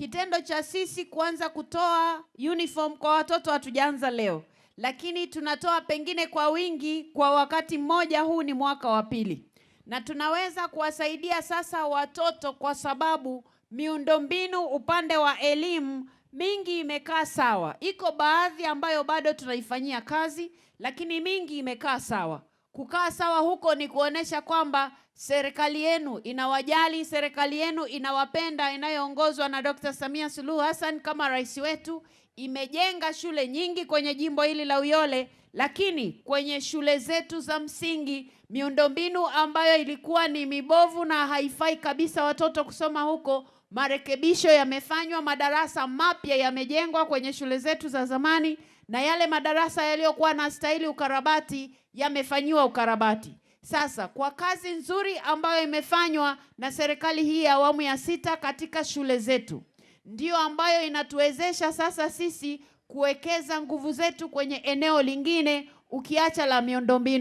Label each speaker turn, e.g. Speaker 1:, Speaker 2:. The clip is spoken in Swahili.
Speaker 1: Kitendo cha sisi kuanza kutoa uniform kwa watoto hatujaanza leo, lakini tunatoa pengine kwa wingi kwa wakati mmoja. Huu ni mwaka wa pili, na tunaweza kuwasaidia sasa watoto kwa sababu miundombinu upande wa elimu mingi imekaa sawa. Iko baadhi ambayo bado tunaifanyia kazi, lakini mingi imekaa sawa. Kukaa sawa huko ni kuonesha kwamba serikali yenu inawajali, serikali yenu inawapenda, inayoongozwa na Dr. Samia Suluhu Hassan kama rais wetu, imejenga shule nyingi kwenye jimbo hili la Uyole, lakini kwenye shule zetu za msingi, miundombinu ambayo ilikuwa ni mibovu na haifai kabisa watoto kusoma huko, marekebisho yamefanywa, madarasa mapya yamejengwa kwenye shule zetu za zamani, na yale madarasa yaliyokuwa na stahili ukarabati yamefanyiwa ukarabati. Sasa kwa kazi nzuri ambayo imefanywa na serikali hii ya awamu ya sita katika shule zetu, ndiyo ambayo inatuwezesha sasa sisi kuwekeza nguvu zetu kwenye eneo lingine ukiacha la miundombinu.